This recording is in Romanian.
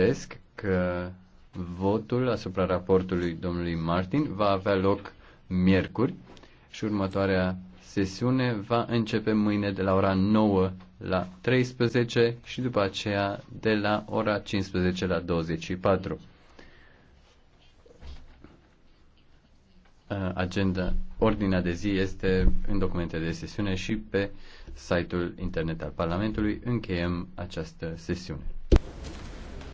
amintesc că votul asupra raportului domnului Martin va avea loc miercuri și următoarea sesiune va începe mâine de la ora 9 la 13 și după aceea de la ora 15 la 24. Uh, agenda, ordinea de zi este în documente de sesiune și pe site-ul internet al Parlamentului. Încheiem această sesiune.